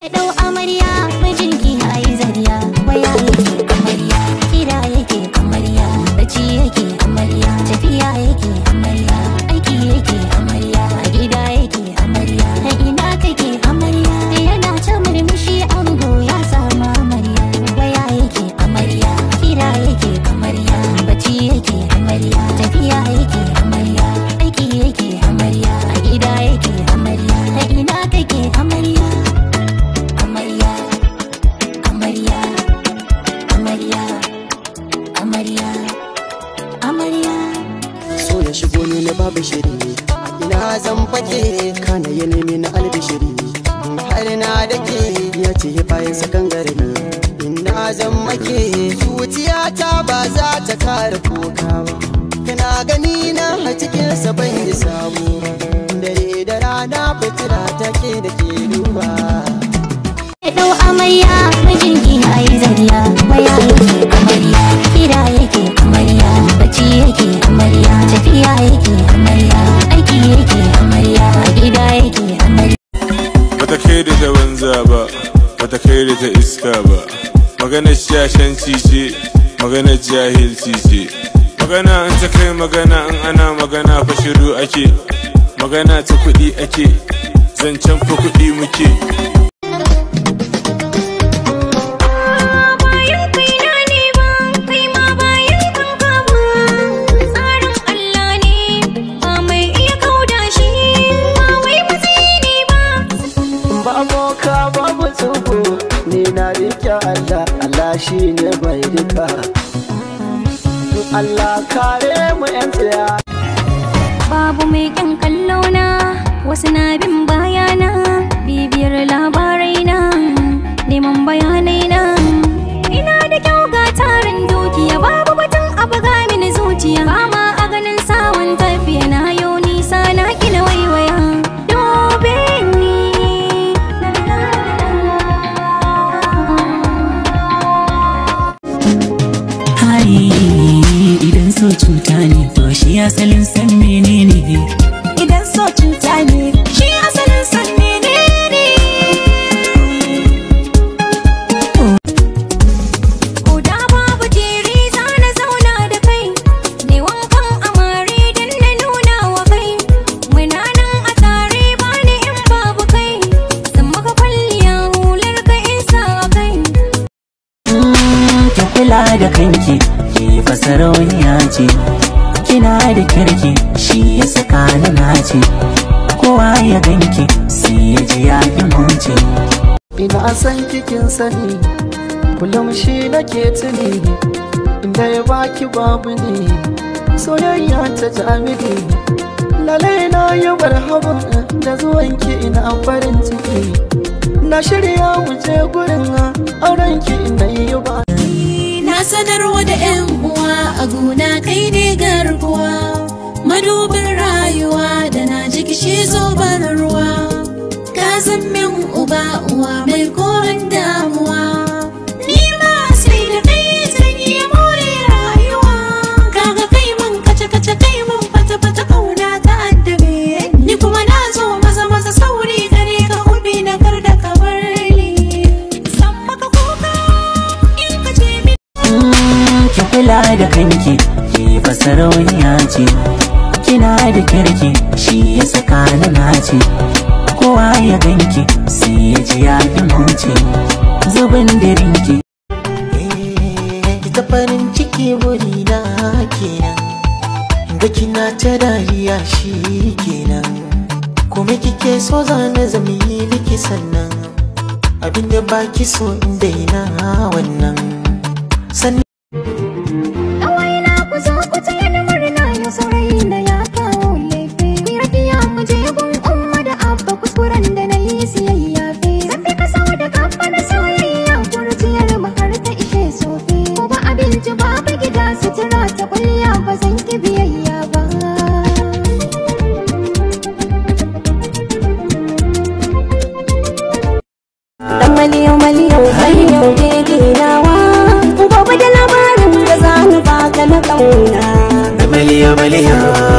Dau amarya miji albishiri ina zan fake kana ya nemi na albishiri har na dake ya ce bayan sakan garbi ina zan make zuciyata ba za ta kara kuka ba kana gani na a cikin sabai kai da ta banza ba bata kai da ta iska ba maganar shashanci ce maganar jahilci ce magana an ta kai magana in ana magana fa shiru ake magana ta kuɗi ake zancen fa kuɗi muke Kawo babu tsugo ni na rike Allah Allah shi ne mai duka Allah kare mu yan tsaya babu mai kyan kallo na wasu na bi kula da kanki ki fasarauniya ce kina da kirki shi ya saka ni ce kowa ya ganki sai ya ji ya ki mace ina san kikin sani kullum shi nake tuni inda ya baki babu ne soyayya ta jami'i lalai na yi barhaba da zuwanki ina farin ciki na shirya wuce gurin aurenki ina yi ba uwa a gona kai ne garkuwa madubin rayuwa da na ji kishi ruwa ka min uba uwa mai koren kula da kanki ki fa sarauniya ce kina da kirki shi ya saka ni kowa ya ganki sai ya ji ya fi mace zubin dirinki eh, ta farin ciki wuri na kenan da kina ta dariya shi kenan kuma kike so zane zami miki sannan abinda baki so in daina wannan sannan you.